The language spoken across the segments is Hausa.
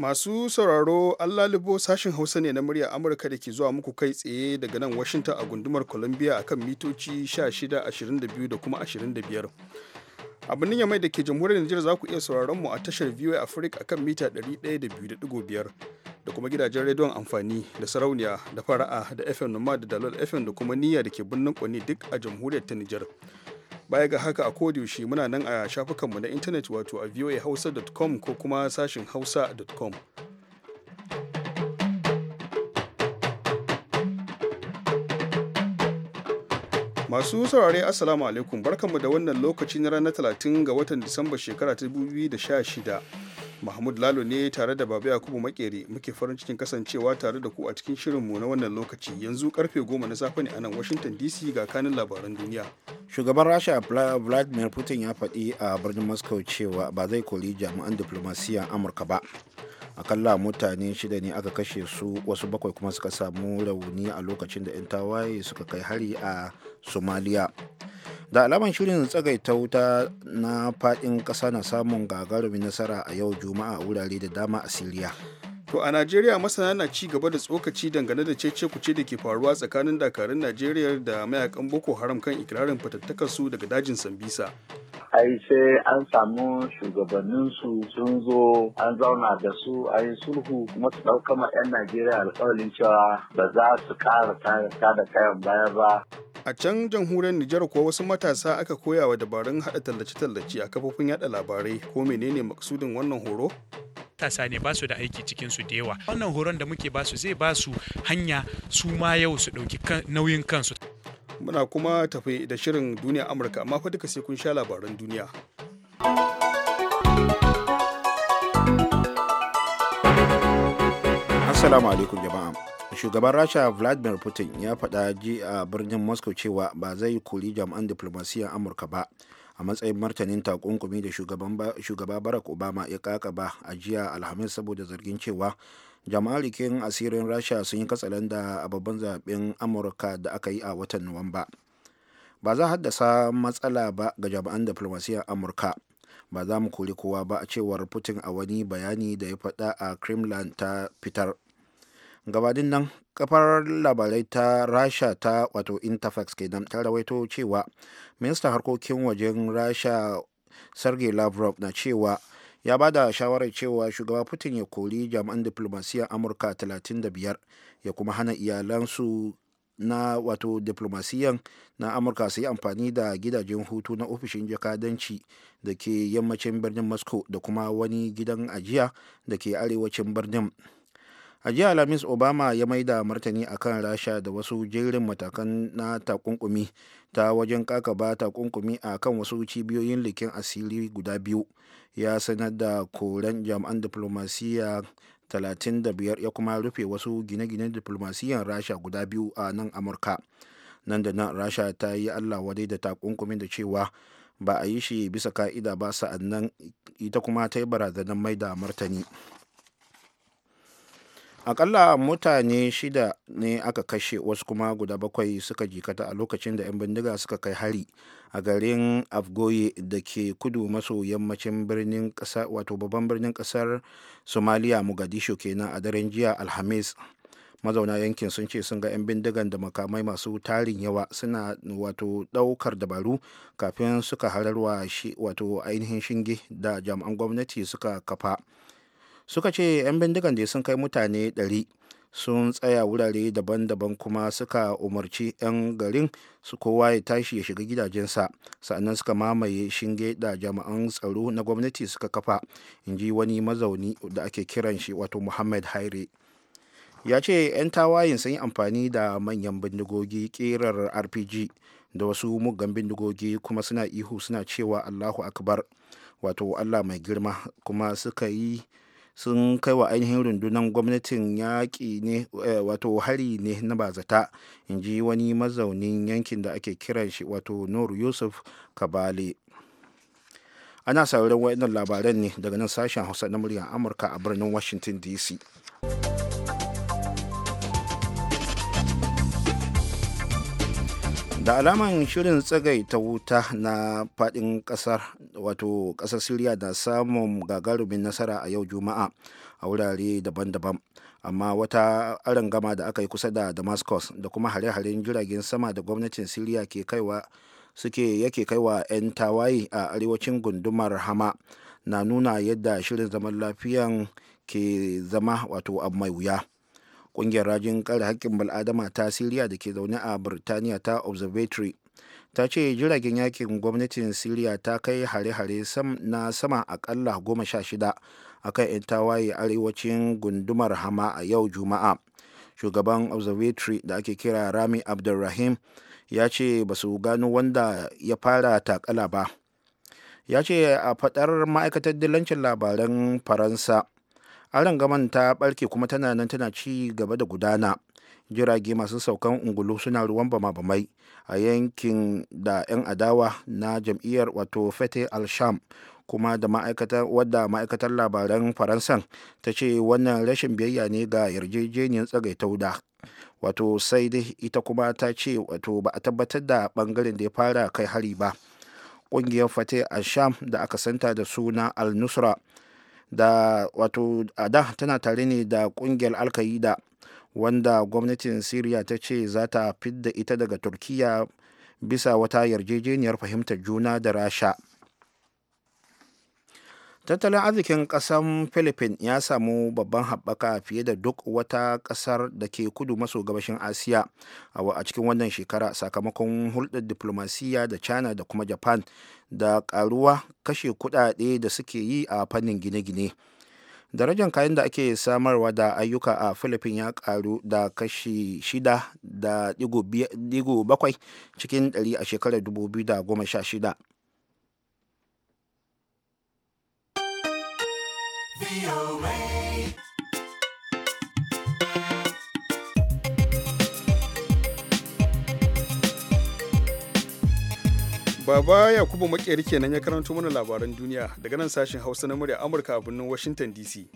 Masu sauraro Allah libo sashin Hausa ne na murya Amurka da ke zuwa muku kai tsaye daga nan Washington a gundumar Columbia akan mitoci 16, 22 da kuma 25. a birnin yamai da ke jamhuriyar Nijar za ku iya sauraron mu a tashar VOA Africa akan mita 102.5 da kuma gidajen rediyon amfani da sarauniya da fara'a da FM Nomad da Dalol FM da kuma niyya da ke birnin Kwani duk a jamhuriyar ta Nijar. Baya ga haka a kodiyoshi muna nan a shafukanmu na intanet wato a voahausa.com ko kuma sashin hausa.com. Masu saurare Assalamu alaikum barkanmu da wannan lokaci na ranar 30 ga watan Disamba shekara ta 2016. Mahmud Lalo ne tare da Baba Yakubu makeri muke farin cikin kasancewa tare da ku a cikin shirinmu na wannan lokaci yanzu karfe 10 na safe ne a nan Washington DC ga kanin labaran duniya. shugaban rasha vladimir putin ya faɗi a birnin moscow cewa ba zai koli jami'an diplomasiya amurka ba akalla mutane shida ne aka kashe su wasu bakwai kuma suka samu rauni a lokacin da 'yan tawaye suka kai hari a somalia. da alaman shirin tsagaita wuta na fadin kasa na samun gagarumin nasara a yau juma'a a wurare da dama a siriya To a Najeriya masana na ci gaba da tsokaci dangane da cece kuce da ke faruwa tsakanin dakarun Najeriya da mayakan Boko Haram kan ikirarin su daga dajin Sambisa. Ai sai an samu shugabanninsu sun zo an zauna da su a yi sulhu kuma su ɗauka ma 'yan Najeriya alƙawarin cewa ba za su ƙara da kayan baya ba. a can jamhuriyar nijar kuwa wasu matasa aka koya wa dabarun haɗa tallace-tallace a kafofin yada labarai ko menene maksudin wannan horo matasa ne basu da aiki cikin su da yawa wannan horon da muke basu zai basu hanya su ma yau su ɗauki nauyin kansu muna kuma tafi da shirin duniya amurka amma fa duka sai kun sha labaran duniya assalamu alaikum jama'a shugaban rasha vladimir putin ya faɗa ji a birnin moscow cewa ba zai kori jami'an diplomasiyyar amurka ba a matsayin martanin takunkumi da shugaba barack obama ya kaka ba a jiya alhamis saboda zargin cewa jama'a rikin asirin rasha sun yi katsalan da babban zaben amurka da aka yi a watan nuwamba ba za haddasa matsala ba ga jami'an diplomasiyyar amurka ba za mu kori kowa ba a cewar putin a wani bayani da ya faɗa a kremlin ta fitar gabanin nan kafar labarai ta rasha ta wato interfax kenan ta rawaito cewa minista harkokin wajen rasha sergei lavrov na cewa ya ba da shawarar cewa shugaba putin ya kori jami'an diplomasiyyar amurka 35 ya kuma hana iyalansu na wato diplomasiyan na amurka su yi amfani da gidajen hutu na ofishin jakadanci da ke yammacin birnin moscow da kuma wani gidan ajiya da ke arewacin birnin a jiya alhamis obama ya mai da martani a kan rasha da wasu jerin matakan na takunkumi ta wajen kakaba takunkumi a kan wasu cibiyoyin likin asiri guda biyu ya sanar da koren jami'an diplomasiya 35 ya kuma rufe wasu gine-ginen diplomasiyan rasha guda biyu a nan amurka nan da nan rasha ta yi allah wadai da takunkumin da cewa ba a yi shi bisa ka'ida ba sa'annan ita kuma ta yi barazanar da martani akalla mutane shida ne aka kashe wasu kuma guda bakwai suka jikata a lokacin da 'yan bindiga suka kai hari a garin afgoye da ke kudu maso yammacin birnin kasar wato babban birnin kasar somalia mogadishu kenan a daren jiya alhamis mazauna yankin sun ce sun ga 'yan bindigan da makamai masu tarin yawa suna wato daukar dabaru kafin suka hararwa wato ainihin shinge da jami'an gwamnati suka kafa suka ce 'yan bindigan da sun kai mutane 100 sun tsaya wurare daban-daban kuma suka umarci 'yan garin su kowa ya tashi ya shiga gidajensa sannan suka mamaye shinge da jami'an tsaro na gwamnati suka kafa in ji wani mazauni da ake kiran shi wato muhammad haire ya ce 'yan tawayin sun yi amfani da manyan bindigogi ƙirar rpg da wasu muggan bindigogi kuma suna ihu suna cewa allahu akbar wato allah mai girma kuma suka yi sun kai wa ainihin rundunar gwamnatin yaƙi ne eh, wato hari ne na bazata in ji wani mazaunin yankin da ake kiran shi wato nur yusuf kabale ana sauran waɗannan labaran ne daga nan sashen hausa na muryar amurka a birnin washington dc da alaman shirin tsagai ta wuta na fadin kasar wato kasar siriya na samun gagarumin nasara a yau juma'a a wurare daban-daban amma wata gama da aka yi kusa da damascus da kuma hare-haren jiragen sama da gwamnatin siriya ke kaiwa suke yake kaiwa 'yan tawaye a arewacin gundumar hama na nuna yadda shirin zaman lafiyan ke zama wato abu mai wuya ƙungiyar rajin kare haƙƙin bal'adama ta siriya da ke zaune a birtaniya ta observatory ta ce jiragen yakin gwamnatin siriya ta kai hare-hare na sama akalla goma sha shida a kan 'yan tawaye arewacin gundumar hama a yau juma'a shugaban observatory da ake kira rami abdulrahim ya ce ba su gano wanda ya fara takala ba ya ce a faɗar ma'aikatar dilancin labaran faransa aron gaman ta barke kuma tana nan tana ci gaba da gudana jirage masu saukan ungulu suna ruwan bama-bamai a yankin da 'yan adawa na jam'iyyar wato fete al-sham kuma da ma'aikatar wadda ma'aikatar labaran faransan ta ce wannan rashin biyayya ne ga yarjejeniyar tsagai tsagaitauda wato sai dai ita kuma ta ce wato ba a tabbatar da bangaren da ya fara kai hari ba ƙungiyar fate al-sham da aka santa da suna al-nusra da wato a da tana tare ne da kungiyar alkaida wanda gwamnatin syria ta ce za ta fidda ita daga turkiya bisa wata yarjejeniyar fahimtar juna da rasha tattalin arzikin kasan philippines ya samu babban haɓaka fiye da duk wata ƙasar da ke kudu maso gabashin asiya a cikin wannan shekara sakamakon hulɗar diplomasiya da china da kuma japan da ƙaruwa kashe kuɗaɗe da suke yi a fannin gine-gine darajar kayan da ake samarwa da ayyuka a philippines ya ƙaru da kashi shida da digo bakwai cikin ɗari a shekarar 2016 Baba Yakubu Makeri kenan ya karanto mana labaran duniya daga nan sashen Hausa na murya Amurka a birnin Washington DC.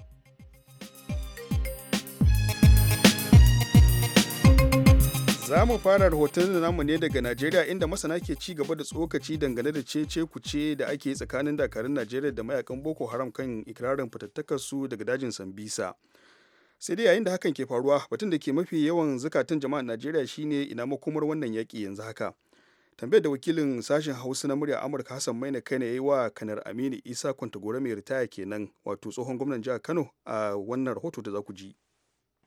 Za mu fara rahoton da namu ne daga Najeriya inda masana ke ci gaba da tsokaci dangane da cece kuce da ake tsakanin dakarun Najeriya da mayakan Boko Haram kan ikirarin su daga dajin Sambisa. Sai dai yayin da hakan ke faruwa batun da ke mafi yawan zukatan jama'ar Najeriya shine ina makomar wannan yaki yanzu haka. Tambayar da wakilin sashen Hausa na murya Amurka Hassan Maina Kane yayi wa Kanar Aminu Isa Kwantagore mai ritaya kenan wato tsohon gwamnan jihar Kano a wannan rahoto da za ku ji.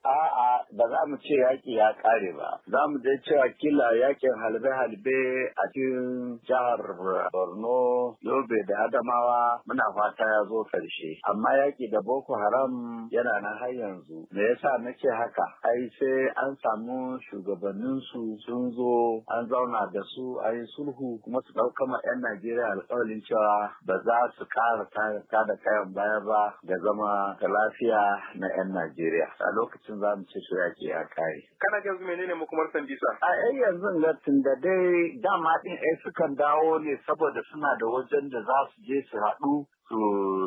A'a ba za mu ce yaƙi ya ƙare ba. Za mu dai cewa kila yaƙin halbe-halbe a cikin jihar Borno, Yobe da Adamawa muna fata ya zo ƙarshe. Amma yaƙi da Boko Haram yana na har yanzu. Me yasa nake haka? Ai sai an samu shugabannin su sun zo an zauna da su a yi sulhu kuma su ɗauka ma 'yan Najeriya alƙawarin cewa ba za su ƙara tada kayan baya ba da zama da lafiya na 'yan Najeriya. A lokacin za mu ce yaƙi ya kare. Kana ga menene makomar Sandisa? A ai eh, yanzu latin da dai dama ɗin ai sukan dawo ne saboda suna da wajen da za su je su haɗu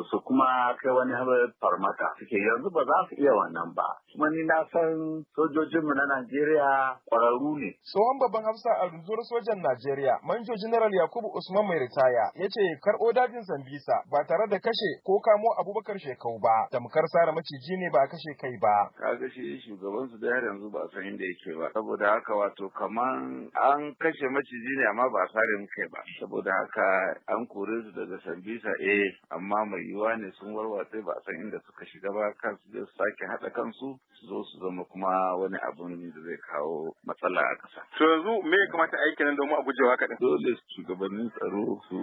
su kuma kai wani farmaka suke yanzu ba za su iya wannan ba kuma ni na san sojojinmu na Najeriya kwararru ne. Tsohon babban hafsa a rundunar sojan Najeriya manjo General Yakubu Usman mai ritaya ya ce karɓo dajin Sambisa ba tare da kashe ko kamo Abubakar Shekau ba tamkar sara maciji ne ba a kashe kai ba. Kaga shi shugaban su da yanzu ba san inda yake ba saboda haka wato kaman an kashe maciji ne amma ba sare kai ba saboda haka an kore su daga Sambisa eh amma mai yiwuwa ne sun warwatse ba san inda suka shiga ba kan su su sake haɗa kansu su zo su zama kuma wani abun da zai kawo matsala a ƙasa. To yanzu me ya kamata aiki nan domin a gujewa kaɗan? Dole shugabannin tsaro su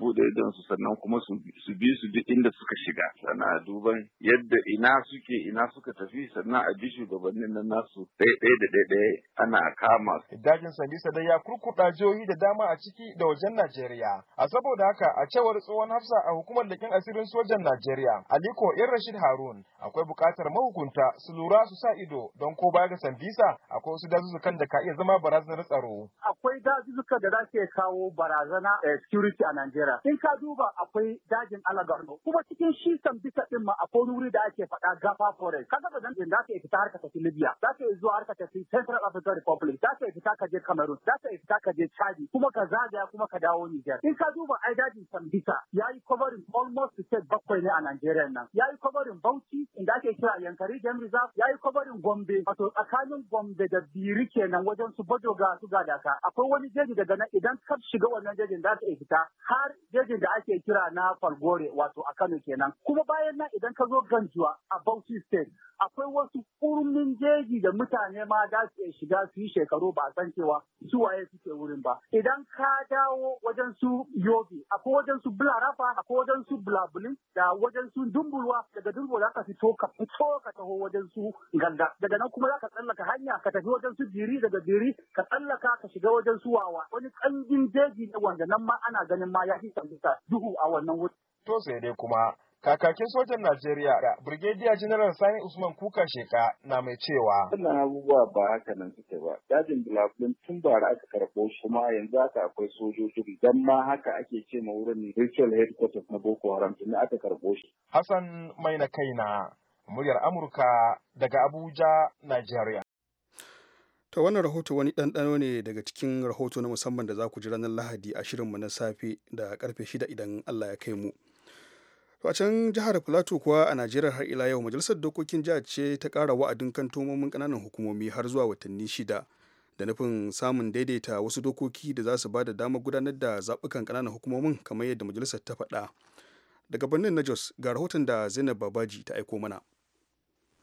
buɗe idon su sannan kuma su bi su duk inda suka shiga. Sana duban yadda ina suke ina suka tafi sannan a bi shugabannin nan nasu ɗaya da ɗaya ana kama su. Dajin Sandisa dai ya kurkuɗa jihohi da dama a ciki da wajen Najeriya. A saboda haka a cewar tsohon Hafsa a hukumar leƙen asirin sojan Najeriya, Aliko Ir Rashid Harun, akwai buƙatar mahukunta su lura su sa ido don ko baya ga sandisa akwai wasu dazuzzukan da ka iya zama barazanar tsaro. Akwai dazuzzukan da za ke kawo barazana eh, security a Najeriya. In ka duba akwai dajin Alagarno, kuma cikin shi sandisa ɗin ma akwai wuri da ake faɗa Gafa Forest. Kaga ba zan da ka fita tafi Libya, za ka zuwa harka tafi Central African Republic, za ka fita ka je Cameroon, za ka fita ka je Chadi, kuma ka zagaya kuma ka dawo Niger. In ka duba ai dajin sandisa ya yi covering almost state bakwai ne a Najeriya nan. Ya yi kwabarin Bauchi inda ake kira Yankari Game Reserve, ya yi kwabarin Gombe, wato tsakanin Gombe da Biri kenan wajen su ga su Daka, Akwai wani jeji daga nan idan ka shiga wannan jejin da ka fita har jejin da ake kira na Falgore wato a Kano kenan. Kuma bayan nan idan ka zo Ganjuwa a Bauchi State akwai wasu kurmin jeji da mutane ma da su shiga su yi shekaru ba san cewa su waye suke wurin ba. Idan ka dawo wajen su Yobe, akwai wajen su Bularafa, akwai wajen su su bulabulin da wajen su dumbulwa daga dumbo za ka fito ka fito ka taho wajen su ganda daga nan kuma za ka tsallaka hanya ka tafi wajen su jiri daga jiri ka tsallaka ka shiga wajen su wawa wani kangin jeji ne wanda nan ma ana ganin ma ya fi duhu a wannan wuri. To sai dai kuma Kakakin sojan Najeriya ga Brigadier General Sani Usman Kuka Sheka na mai cewa. Wannan abubuwa ba haka nan suke ba. Dajin Bulafin tun bara aka karɓo shi kuma yanzu haka akwai sojoji idan ma haka ake ce ma wurin virtual headquarters na Boko Haram tun aka karɓo shi. Hassan mai na kai na, muryar Amurka daga Abuja, Najeriya. Ta wannan rahoto wani ɗanɗano ne daga cikin rahoto na musamman da za ku ji ranar Lahadi a shirinmu na safe da karfe shida idan Allah ya kai mu. To a can jihar Plateau kuwa a Najeriya har ila yau majalisar dokokin jiha ce ta ƙara wa'adin kantomomin kananan hukumomi har zuwa watanni shida da nufin samun daidaita wasu dokoki da za su ba da damar gudanar da zabukan ƙananan hukumomin kamar yadda majalisar ta faɗa. Daga birnin na Jos ga rahoton da Zainab Babaji ta aiko mana.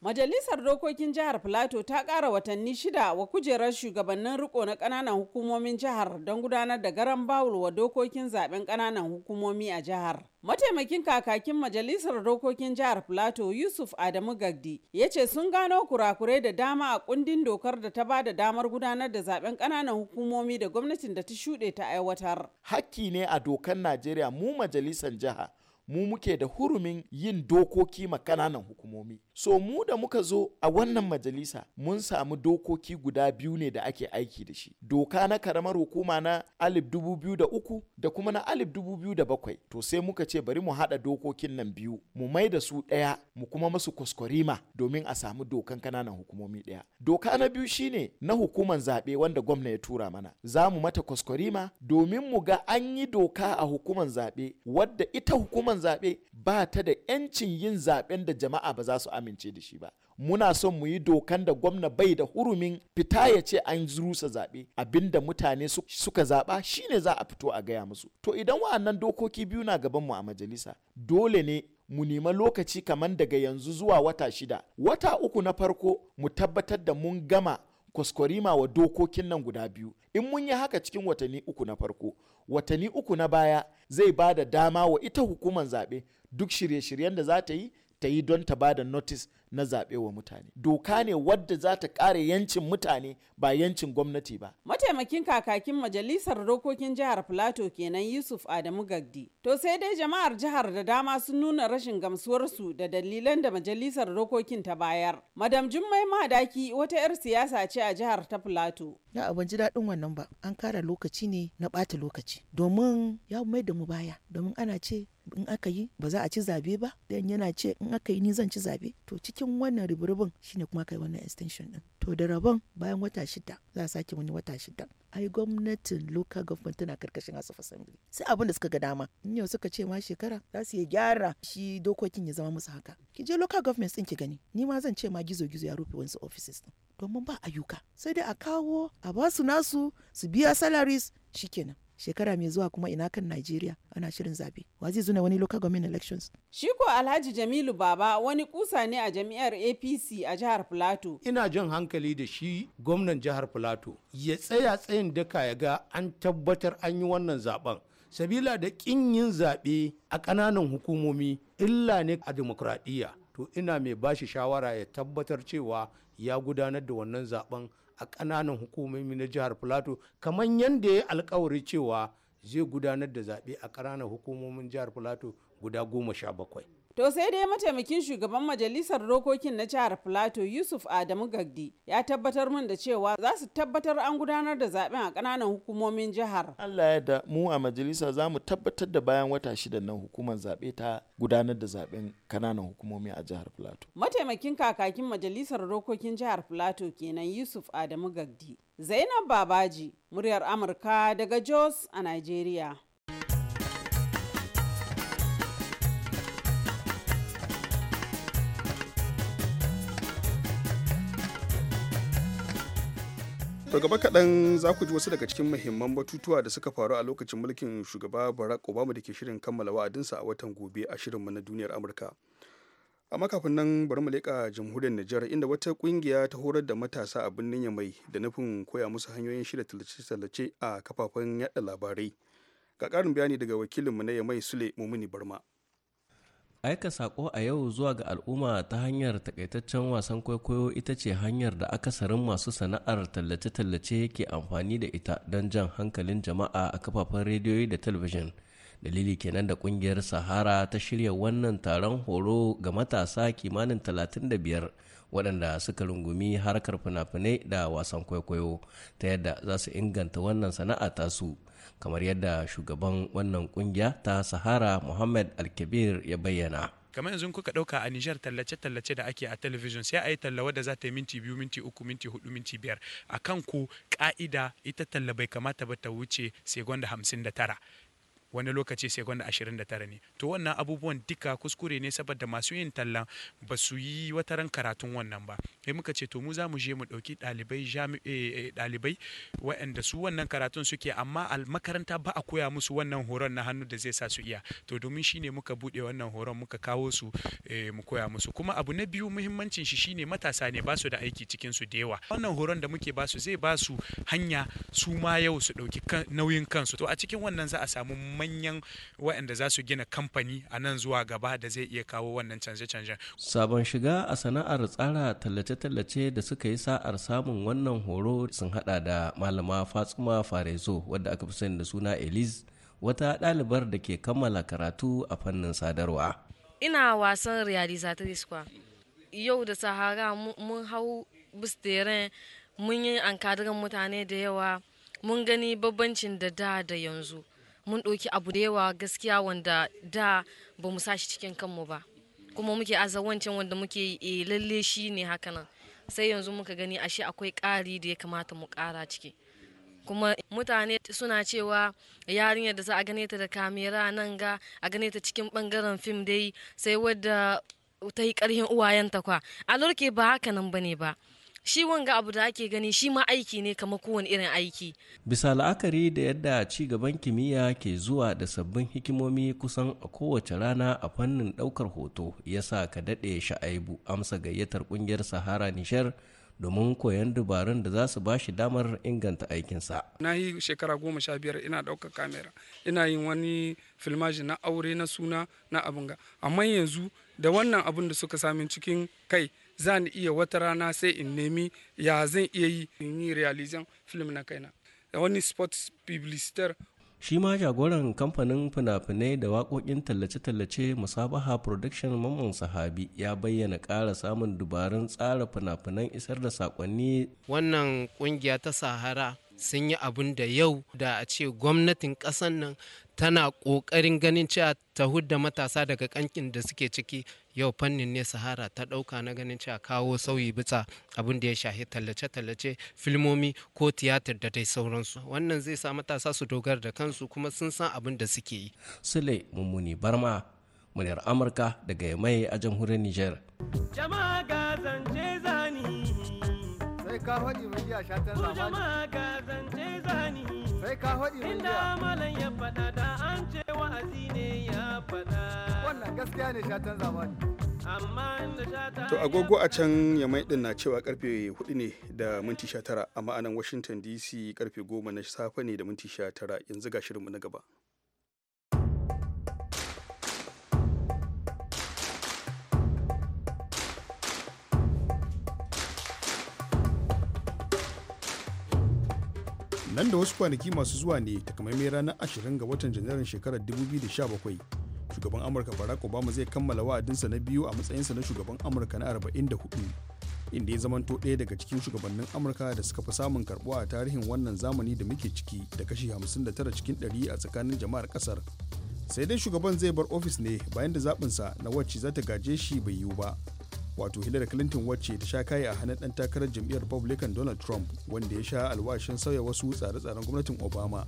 Majalisar Dokokin Jihar Filato ta ƙara watanni shida wa kujerar shugabannin riko na ƙananan hukumomin jihar don gudanar da garan bawul wa dokokin zaben ƙananan hukumomi a jihar. Mataimakin kakakin Majalisar Dokokin Jihar Filato Yusuf Adamu Gagdi ya ce sun gano kurakurai da dama a kundin dokar da ta ba da damar gudanar da zaben ƙananan hukumomi da gwamnatin da ta shuɗe ta aiwatar. Hakki ne a dokar Najeriya mu majalisar jiha mu muke da hurumin yin dokoki ma kananan hukumomi so mu da muka zo a wannan majalisa mun samu dokoki guda biyu ne da ake aiki da shi doka na karamar hukuma na alif dubu biyu da uku da kuma na alif dubu biyu da bakwai to sai muka ce bari mu haɗa dokokin nan biyu mu mai da su ɗaya mu kuma masu kwaskwarima domin a samu dokan kananan hukumomi ɗaya doka na biyu shine na hukuman zaɓe wanda gwamna ya tura mana za mu mata kwaskwarima domin mu ga an yi doka a hukuman zaɓe wadda ita hukuman zaɓe ba ta da 'yancin yin zaɓen da jama'a ba za su amince da shi ba muna son mu yi dokan da gwamna bai da hurumin fita ya ce an rusa zaɓe abinda mutane suka zaɓa shine za a fito a gaya musu to idan wa'annan dokoki biyu na gaban mu a majalisa dole ne mu nema lokaci kamar daga yanzu zuwa wata shida wata uku na farko mu tabbatar da mun gama kwaskwarima wa dokokin nan guda biyu in mun yi haka cikin watanni uku na farko watanni uku na baya zai ba da dama wa ita hukumar zaɓe duk shirye-shiryen da za ta yi ta yi don ta ba da notice na zaɓe wa mutane doka ne wadda za ta ƙare yancin mutane ba yancin gwamnati ba mataimakin kakakin majalisar dokokin jihar plateau kenan yusuf adamu gagdi to sai dai jama'ar jihar da dama sun nuna rashin gamsuwarsu da dalilan da majalisar dokokin ta bayar madam jummai madaki wata 'yar siyasa ce a jihar ta plateau ya ban ji daɗin wannan ba an kara lokaci ne na ɓata lokaci domin ya mai da mu baya domin ana ce in aka yi ba za a ci zabe ba dan yana ce in aka yi ni zan ci zabe to cikin wannan ribribin shine kuma kai wannan extension din to da rabon bayan wata shida za a sake wani wata shida ai gwamnatin local government tana karkashin house of assembly sai abin da suka ga dama in yau suka ce ma shekara za su yi gyara shi dokokin ya zama musu haka ki je local government din ki gani ni ma zan ce ma gizo gizo ya rufe wasu offices din domin ba ayyuka sai dai a kawo a basu nasu su biya salaries shikenan shekara mai zuwa kuma ina kan Najeriya ana shirin zabe wa zai zuna wani local government elections shi ko Alhaji Jamilu Baba wani kusa ne a jami'ar APC a jihar Plateau ina jin hankali da shi gwamnan jihar Plateau ya tsaya tsayin daka ya ga an tabbatar an yi wannan zaben sabila da kin yin zaɓe a ƙananan hukumomi illa ne a demokradiyya to ina mai bashi shawara ya tabbatar cewa ya gudanar da wannan zaben a kananan hukumomi na jihar plateau kamar yadda ya alkawari cewa zai gudanar da zaɓe a kananan hukumomin jihar plateau guda goma sha bakwai. To sai dai mataimakin shugaban majalisar dokokin na jihar Filato Yusuf Adamu Gagdi ya tabbatar min da cewa za su tabbatar an gudanar da zaben a kananan hukumomin jihar. Allah ya da mu a majalisa za mu tabbatar da bayan wata shida nan hukumar zaɓe ta gudanar da zaben kananan hukumomi a jihar Filato. Mataimakin kakakin majalisar dokokin jihar Filato kenan Yusuf Adamu Gagdi. Zainab Babaji, muryar Amurka daga Jos a nigeria. To gaba kaɗan za ku ji wasu daga cikin muhimman batutuwa da suka faru a lokacin mulkin shugaba Barack Obama da ke shirin kammala wa'adinsa a watan gobe a shirinmu na duniyar Amurka. amma kafin nan bari mu leƙa jamhuriyar Nijar inda wata ƙungiya ta horar da matasa a birnin mai da nufin koya musu hanyoyin shirya tallace-tallace a kafafen yada labarai. Ga ƙarin bayani daga wakilinmu na Yamai Sule Mumuni Barma. Aika sako a yau zuwa ga al'umma ta hanyar takaitaccen wasan kwaikwayo ita ce hanyar da akasarin masu sana'ar tallace-tallace ke amfani da ita don jan hankalin jama'a a kafafen rediyoyi da talabijin. Dalili kenan da ƙungiyar Sahara ta shirya wannan taron horo ga matasa kimanin 35 waɗanda suka rungumi harkar fina-finai da wasan kwaikwayo ta yadda za su inganta wannan sana'a tasu kamar yadda shugaban wannan kungiya ta sahara muhammad alkabir ya bayyana kamar yanzu kuka dauka a nijar tallace-tallace da ake a television sai a yi talla wadda za ta yi minti biyu minti uku minti hudu minti biyar a kan ku ka'ida ita talla bai kamata ba ta wuce sai gwanda hamsin da tara wani lokaci second 29 ne to wannan abubuwan duka kuskure ne saboda masu yin tallan ba su yi wata ran karatun wannan ba sai muka ce to mu za mu je mu ɗauki ɗalibai dalibai eh, eh, waɗanda su wannan karatun suke amma al makaranta ba a koya musu wannan horon na hannu da zai sa su iya to domin shine muka buɗe wannan horon muka kawo su eh, mu koya musu kuma abu na biyu muhimmancin shi shine matasa ne ba su da aiki cikin su da yawa wannan horon da muke ba su zai ba su hanya su ma yau su ɗauki nauyin kansu to a cikin wannan za a samu manyan waɗanda za su gina kamfani a nan zuwa gaba da zai iya kawo wannan canje-canjen. Sabon shiga a sana'ar tsara tallace-tallace da suka yi sa'ar samun wannan horo sun hada da malama Fatsuma Farezo wadda aka fi sani da suna Elise wata ɗalibar da ke kammala karatu a fannin sadarwa. Ina wasan realizatrice kwa. Yau da sahara mun hau bisteren mun yi an mutane da yawa mun gani babbancin da da da yanzu mun ɗauki abu da yawa gaskiya wanda da ba mu sashi cikin kanmu ba kuma muke azawancin wanda muke e, lalle shi ne hakanan sai yanzu muka gani ashe akwai ƙari da ya kamata mu ƙara ciki kuma mutane suna cewa yarinyar da za a gane ta da kamera nan ga a gane ta cikin bangaren fim dai sai wadda ta yi ƙarhin uwayenta kwa a lurke ba haka nan ne ba shi wanga abu da ake gani shi ma aiki ne kamar kowane irin aiki bisa la'akari da yadda ci gaban kimiyya ke zuwa da sabbin hikimomi kusan a kowace rana a fannin daukar hoto ya sa ka daɗe sha'aibu amsa gayyatar kungiyar sahara nishar domin koyan dabarun da za su ba damar inganta aikinsa. Na yi shekara goma sha biyar ina ɗaukar kamera, ina yin wani filmaji na aure na suna na abin Amma yanzu da wannan abun da suka samin cikin kai za ni iya wata rana sai in nemi ya zan iya yi in yi realizan film na kaina wani sports publicitar. shi ma jagoran kamfanin fina-finai da waƙoƙin tallace-tallace musabaha production mamman sahabi ya bayyana kara samun dubarun tsara fina-finan isar da saƙonni wannan ƙungiya ta sahara sun yi abin da yau da a ce gwamnatin ƙasar nan tana ƙoƙarin ganin cewa ta hudda matasa daga kankin da suke ciki yau fannin ne sahara ta ɗauka na ganin cewa kawo sauyi bisa abin da ya shahi tallace-tallace filmomi ko tiyatar da dai sauransu wannan zai sa matasa su dogara da kansu kuma sun san abin da suke yi sule mummuni barma muryar amurka daga yamai a jamhuriyar niger jama'a sai ka faɗi mun jiya malam ya faɗa da an ce wa'azi ne ya faɗa wannan gaskiya ne shatan zamani To agogo a can yamai din na cewa karfe 4 ne da minti 19 a ma'anan Washington DC karfe 10 na safe ne da minti 19 yanzu ga shirin shirinmu na gaba. nan da wasu kwanaki masu zuwa ne takamaimai ranar ashirin ga watan janairun shekarar 2017 shugaban amurka barack obama zai kammala wa'adinsa na biyu a matsayinsa na shugaban amurka na 44 inda ya zamanto ɗaya daga cikin shugabannin amurka da suka fi samun karɓuwa a tarihin wannan zamani da muke ciki da kashi 59 cikin 100 a tsakanin jama'ar kasar sai dai shugaban zai bar ofis ne bayan da zaɓinsa na wacce za ta gaje shi bai yiwu ba wato hillary clinton wacce ta sha kayi a hannun ɗan takarar jam'iyyar republican donald trump wanda ya sha alwashin sauya wasu tsare-tsaren gwamnatin obama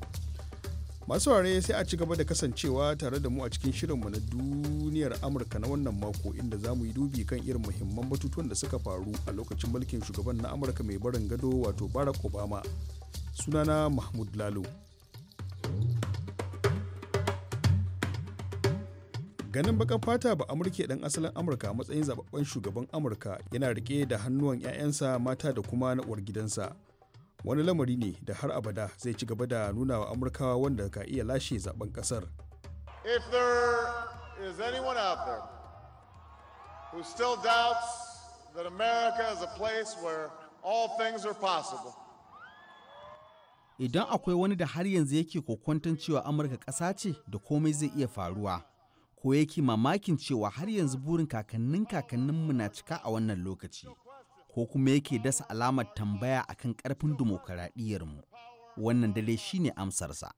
masu saurare sai a ci gaba da kasancewa tare da mu a cikin shirinmu na duniyar amurka na wannan mako inda za mu yi dubi kan irin muhimman batutuwan da suka faru a lokacin mulkin shugaban na amurka mai barin gado wato barack obama sunana mahmud lalo ganin bakan fata ba amurke dan asalin amurka matsayin zababben shugaban amurka yana rike da hannuwan 'ya'yansa mata da kuma na uwar gidansa wani lamari ne da har abada zai ci gaba da nuna wa amurkawa wanda ka iya lashe zaben kasar if there is anyone out there who still things are possible idan akwai wani da har yanzu yake kokwanton cewa amurka ƙasa ce da komai zai iya faruwa ko yake mamakin cewa har yanzu burin kakannin kakanninmu na cika a wannan lokaci ko kuma yake dasa alamar tambaya akan karfin mu wannan dare shine amsarsa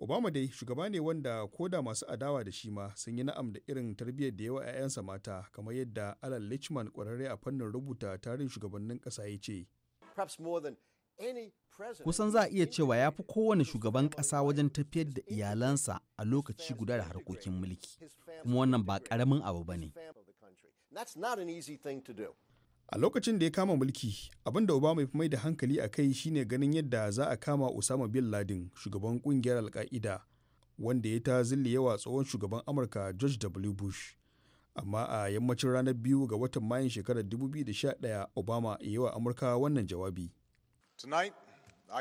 obama dai shugaba ne wanda ko da masu adawa da shi ma sun yi na'am da irin tarbiyyar da yawa 'ya'yansa mata kamar yadda alan lichman kwararre a fannin rubuta tarin shugabannin ƙasa ya ce Kusan za a iya cewa ya fi kowane shugaban ƙasa wajen tafiyar da iyalansa a lokaci guda da harkokin mulki, kuma wannan ba ƙaramin abu ba ne. A lokacin da ya kama mulki, abin da Obama ya fi mai da hankali a kai shine ganin yadda za a kama Osama Bin ladin shugaban kungiyar alka'ida wanda ya ta yawa tsohon shugaban Amurka George W. Bush. Amma a yammacin ranar biyu ga watan Mayun shekarar 2011, Obama ya yi wa Amurka wannan jawabi. A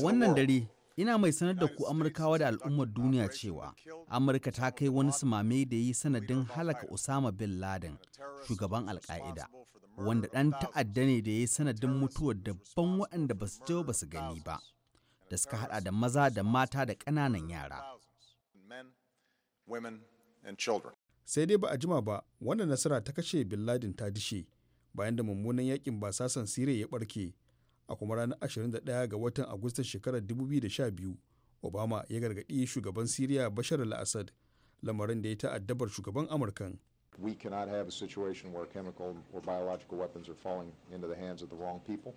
wannan dare, ina mai sanar da ku Amurkawa da al'ummar duniya cewa Amurka ta kai wani sumame da yi sanadin halaka Osama bin Laden, shugaban Alka'ida, wanda ɗan ta'adda ne da ya yi sanadin mutuwar dabban waɗanda ba su je ba su gani ba, da suka haɗa da maza da mata da ƙananan yara. Sai dai ba a jima ba, wannan nasara ta kashe bin Laden ta dishe. bayan da mummunan yakin basasan siriya ya barke a kuma ranar 21 ga watan agustan shekarar 2012 obama ya gargaɗi shugaban siriya bashar al-assad lamarin da ya ta'addabar shugaban amurkan we cannot have a situation where chemical or biological weapons are falling into the hands of the wrong people.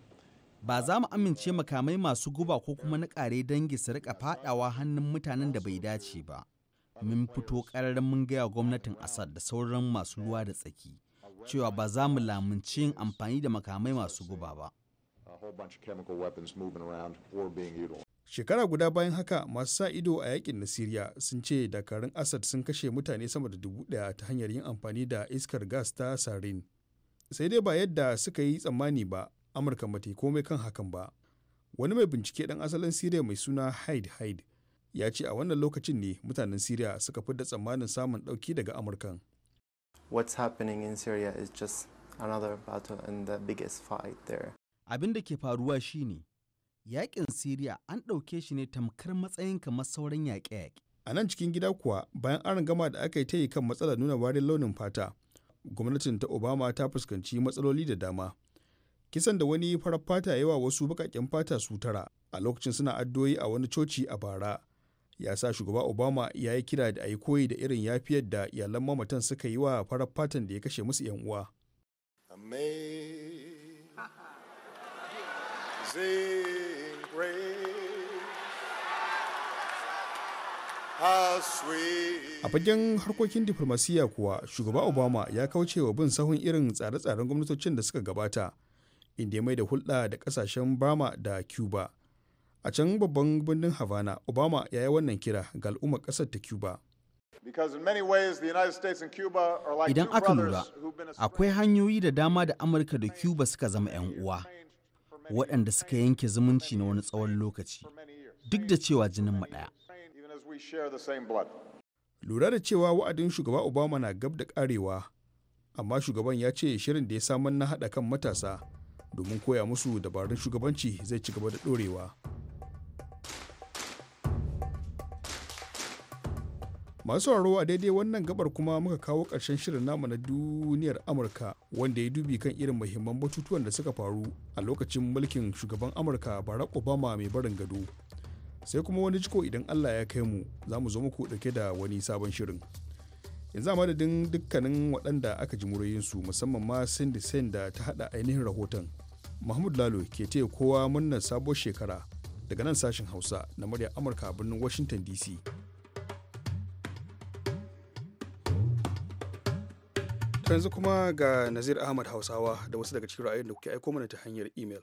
Ba za mu amince makamai masu guba ko kuma na ƙare dangi su rika fadawa hannun mutanen da bai dace ba. Mun fito ƙararren mun gaya gwamnatin Assad da sauran masu ruwa da tsaki. cewa ba za mu lamunci yin amfani da makamai masu guba ba. Shekara guda bayan haka masu sa ido a yakin na Siriya sun ce dakarun Assad sun kashe mutane sama da dubu daya ta hanyar yin amfani da iskar gas ta sarin. Sai dai ba yadda suka yi tsammani ba, Amurka mate komai kan hakan ba. Wani mai bincike ɗan asalin Siriya mai suna Hyde Hyde ya ce a wannan lokacin ne mutanen Siriya suka fi da tsammanin samun ɗauki daga Amurkan. What's happening in Syria is just another battle and the biggest fight there. Abin da ke faruwa shi ne yaƙin Syria an ɗauke shi ne tamkar matsayin kamar sauran yaƙe-yaƙe. A nan cikin gida kuwa bayan an gama da aka yi ta yi kan matsalar nuna warin launin fata, gwamnatin ta Obama ta fuskanci matsaloli da dama. Kisan da wani farar fata yawa wasu baƙaƙen fata su tara a lokacin suna addoyi a wani coci a bara. ya sa shugaba obama ya yi kira da ayi koyi da irin yafiyar da iyalan mamatan suka yi wa farar fatan da ya kashe musu 'yan uwa a fagen harkokin diflomasiyya kuwa shugaba obama ya kauce wa bin sahun irin tsare-tsaren gwamnatocin da suka gabata inda ya mai da hulɗa da ƙasashen bama da cuba a can babban birnin havana obama ya yi wannan kira ga al'ummar ƙasar ta cuba idan aka lura akwai hanyoyi da dama da amurka da cuba suka zama 'yan uwa waɗanda suka yanke zumunci na wani tsawon lokaci duk da cewa jinin mu ɗaya lura da cewa wa'adin shugaba obama na gab da karewa amma shugaban ya ce shirin da ya samar na haɗa kan matasa domin koya musu dabarun shugabanci zai ci gaba da ɗorewa. masu sauraro a daidai wannan gabar kuma muka kawo ƙarshen shirin namu na duniyar amurka wanda ya dubi kan irin muhimman batutuwan da suka faru a lokacin mulkin shugaban amurka barack obama mai barin gado sai kuma wani jiko idan allah ya kai mu za mu zo muku dauke da wani sabon shirin yanzu a madadin dukkanin waɗanda aka ji murayinsu musamman ma cindy sen da ta haɗa ainihin rahoton mahmud lalo ke taya kowa murnar sabuwar shekara daga nan sashen hausa na murya amurka birnin washington dc yanzu kuma ga Nazir Ahmad Hausawa da wasu daga cikin ra'ayin da kuke aiko mana ta hanyar imel.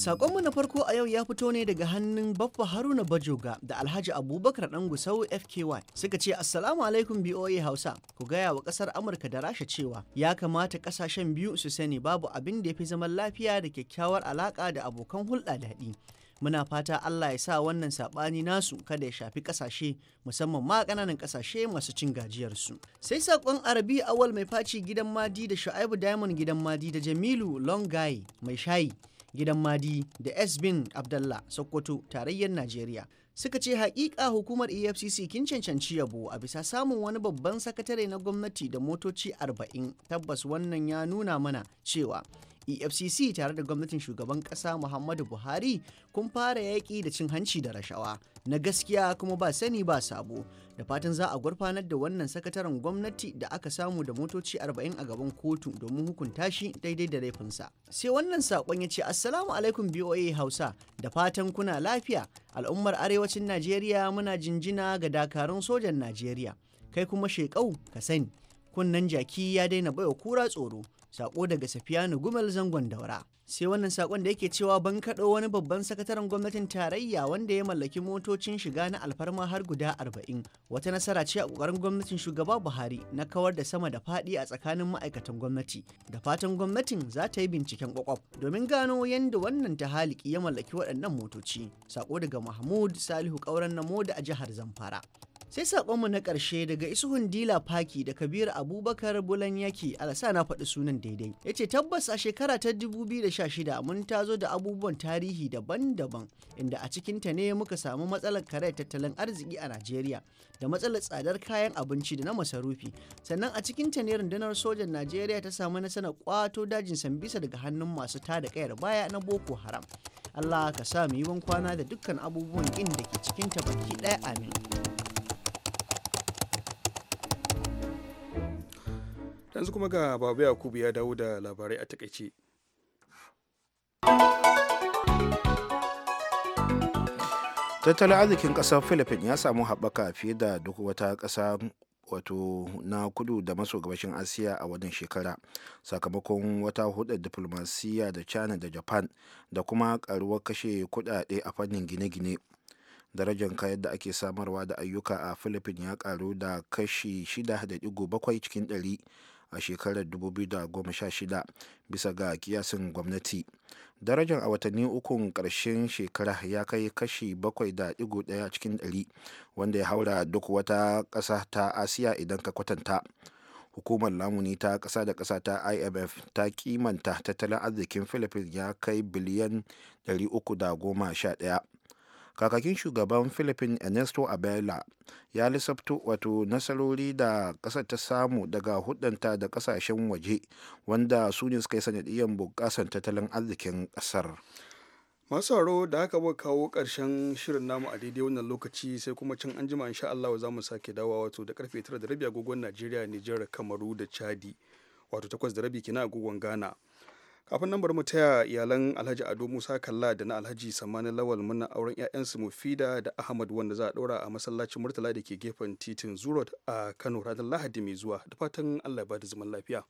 Sakonmu na farko a yau ya fito ne daga hannun Baffa Haruna Bajoga da Alhaji Abubakar Dan Gusau FKY suka ce Assalamu alaikum BOA Hausa ku gaya wa kasar Amurka da Rasha cewa ya kamata kasashen biyu su sani babu abin da ya fi zaman lafiya da kyakkyawar alaka da abokan hulɗa daɗi. Muna fata Allah ya sa wannan saɓani nasu kada ya shafi ƙasashe musamman ma ƙananan ƙasashe masu cin gajiyarsu. Sai saƙon Arabi Awal mai faci gidan Madi da Shu'aibu Diamond gidan Madi da Jamilu Longai mai shayi gidan madi da esbin abdallah sokoto tarayyar najeriya suka ce hakika hukumar efcc kin cancanci yabo a bisa samun wani babban sakatare na gwamnati da motoci 40 tabbas wannan ya nuna mana cewa efcc tare da gwamnatin shugaban ƙasa muhammadu buhari kun fara yaƙi da cin hanci da rashawa na gaskiya kuma ba sani ba sabo da fatan za a gurfanar da wannan sakataren gwamnati da aka samu da motoci 40 a gaban kotu domin hukunta shi daidai da laifinsa sai wannan saƙon ya ce assalamu alaikum boa hausa da fatan kuna lafiya al'ummar arewacin najeriya muna jinjina ga dakarun sojan najeriya kai kuma shekau ka sani Kunnan jaki ya daina baiwa kura tsoro sako daga Safiyanu Gumal zangon daura. Sai wannan sakon da yake cewa ban kaɗo wani babban sakataren gwamnatin tarayya wanda ya mallaki motocin shiga na alfarma har guda arba'in. Wata nasara ce a ƙoƙarin gwamnatin shugaba Buhari na kawar da sama da faɗi a tsakanin ma'aikatan gwamnati. Da fatan gwamnatin za ta yi binciken ƙwaƙwaf domin gano yadda wannan tahaliki ya mallaki waɗannan motoci. Sako daga Mahmud Salihu Kauran Namo da a jihar Zamfara. sai mu na ƙarshe daga isuhun dila faki da kabir abubakar bulan yaki alasa na faɗi sunan daidai ya ce tabbas a shekara ta 2016 mun tazo da abubuwan tarihi daban-daban inda a cikinta ne muka samu matsalar kare tattalin arziki a najeriya da matsalar tsadar kayan abinci da na masarufi sannan a cikinta ne rundunar sojan najeriya ta samu nasarar kwato dajin sambisa daga hannun masu tada kayar baya na boko haram allah ka sa mu yi kwana da dukkan abubuwan inda da ke cikinta baki ɗaya amin yanzu kuma ga babu yakubu ya dawo da labarai a takaice tattalin arzikin kasar philippines ya samu haɓaka fiye da duk wata ƙasa wato na kudu da maso gabashin asiya a wannan shekara sakamakon wata hudar diplomasiya da china da japan da kuma karuwar kashe kudade a fannin gine-gine darajar kayan da ake samarwa da ayyuka a philippines ya karu da kashi 6.7 cikin 100 a shekarar 2016 bisa ga kiyasin gwamnati darajar a watanni ukun ƙarshen shekara ya kai kashi 7.1 cikin 100 wanda ya haura duk wata ƙasa ta asiya idan ka kwatanta hukumar lamuni ta ƙasa da ƙasa ta imf ta kimanta tattalin arzikin philippines ya kai biliyan 311 kakakin shugaban philippine ernesto abela ya lissafto wato nasarori da kasar ta samu daga hudanta da kasashen waje wanda su ne suka yi sanadiyyar bunƙasar tattalin arzikin ƙasar masu haro da haka bai kawo ƙarshen shirin namu a daidai wannan lokaci sai kuma can an jima insha Allah za mu sake dawa wato da karfe 9 da rabi agogon Najeriya Nijar Kamaru da Chadi wato 8 da rabi kina agogon Ghana kafin nan bari mu taya iyalan alhaji ado musa kalla da na alhaji samanin lawal muna auren 'ya'yansu mufida da ahmad wanda za a ɗora a masallacin murtala da ke gefen titin zurot a kano ranar lahadi mai zuwa da fatan allah ba da zaman lafiya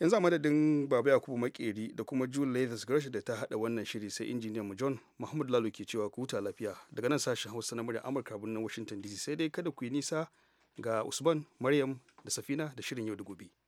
yanzu a madadin baba yakubu makeri da kuma jule lathis gersh da ta haɗa wannan shiri sai injiniyan mu john muhammadu lalu ke cewa ku huta lafiya daga nan sashen hausa na murya amurka birnin washington dc sai dai kada ku yi nisa ga usman maryam da safina da shirin yau da gobe